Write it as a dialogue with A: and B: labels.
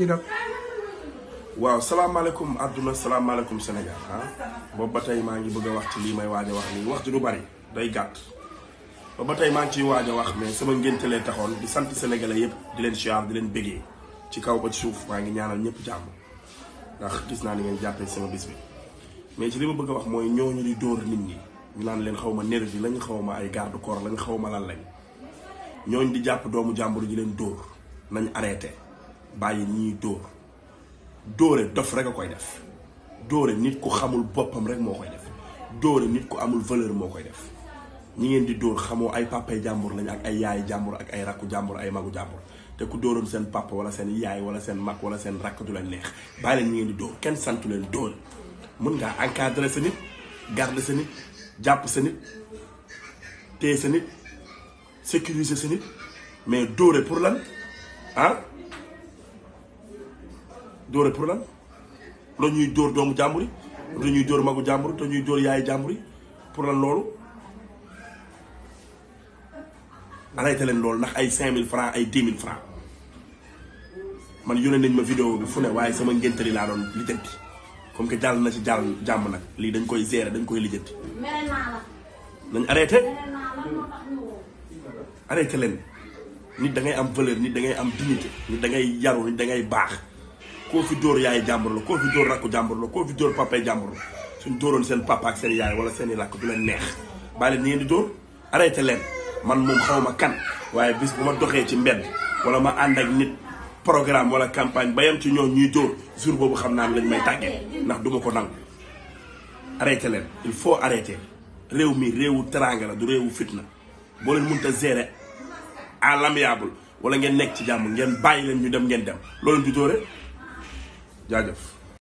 A: Irak waaw salaamaaleykum àdduna salaamaaleykum Sénégal ah boobu ba tey maa ngi bëgg a wax ci lii may waaj a wax nii wax ji du bari day gàtt ba ba tey maa ngi ciy waaj a wax mais sama ngénte lee taxoon di sant sénégalais yëpp di leen siyaar di leen bégee ci kaw ba ci suuf waa ngi ñaanal ñëpp jàmm ndax gis naa ni ngeen jàppee sama bis bi mais ci li ma bëgg a wax mooy ñooñu di dóor nit ñi ñu naan leen xaw ma nervi lañ xaw ma ay garde corps lañ xaw ma lan lañ ñooñu di jàpp doomu jàmbur ji leen dóor nañ arrêté bàyyi ñiy dóor dóore dof rek a koy def dóore nit ku xamul boppam rek moo koy def dóore nit ku amul valeur moo koy def ñi ngeen di dóor xamoo ay papay jàmbur lañ ak ay yaay jàmbur ak ay rakku jàmbur ay magu jàmbur te ku dóoroon seen papa wala seen yaay wala seen mag wala seen rakk du la neex bàyyi leen ñi ngeen di dóor kenn santu leen dóor mun ngaa encadrer sa nit garder sa nit jàpp sa nit téye sa nit sécuriser sa nit mais dóore pour lan ah dóore pour la loolu ñuy jóor doomu jàmbur yi ñuy jóor magu jàmbur te ñuy dóor yaayu jàmbur yi pour la loolu arrêté leen loolu ndax ay cinq mille francs ay dix mille francs man yónnee nañ ma vidéo bi fu ne waaye sama ngéntali laa doon lijjanti comme que jàll na ci jàll jàmm nag lii dañ koy gérer dañ koy lijjanti nañ arrêté arrêté leen nit da ngay am valeur nit da ngay am dignité nit da ngay yaru nit da ngay baax koo fi dóor yaay jàmbur la koo fi dóor rakku jàmbur la koo fi dóor papay jàmbur la suñ dóoroon seen papa ak seen yaay wala seen i rakk du leen neex bàyyi leen ni ngeen di dóor arrêté leen man moom xaw ma kan waaye bis bu ma doxee ci mbedd wala ma ànd ak nit programme wala campagne ba ci ñoom ñuy dóor jour boobu xam naa lañ may tàggee ndax du ma ko nangu arrêté leen il faut arrêter réew mi réewu teraanga la du réewu fitna boo leen mënta gérer à l'amiable wala ngeen nekk ci jàmm ngeen bàyyi leen ñu dem ngeen dem loolu du tóore jaajëf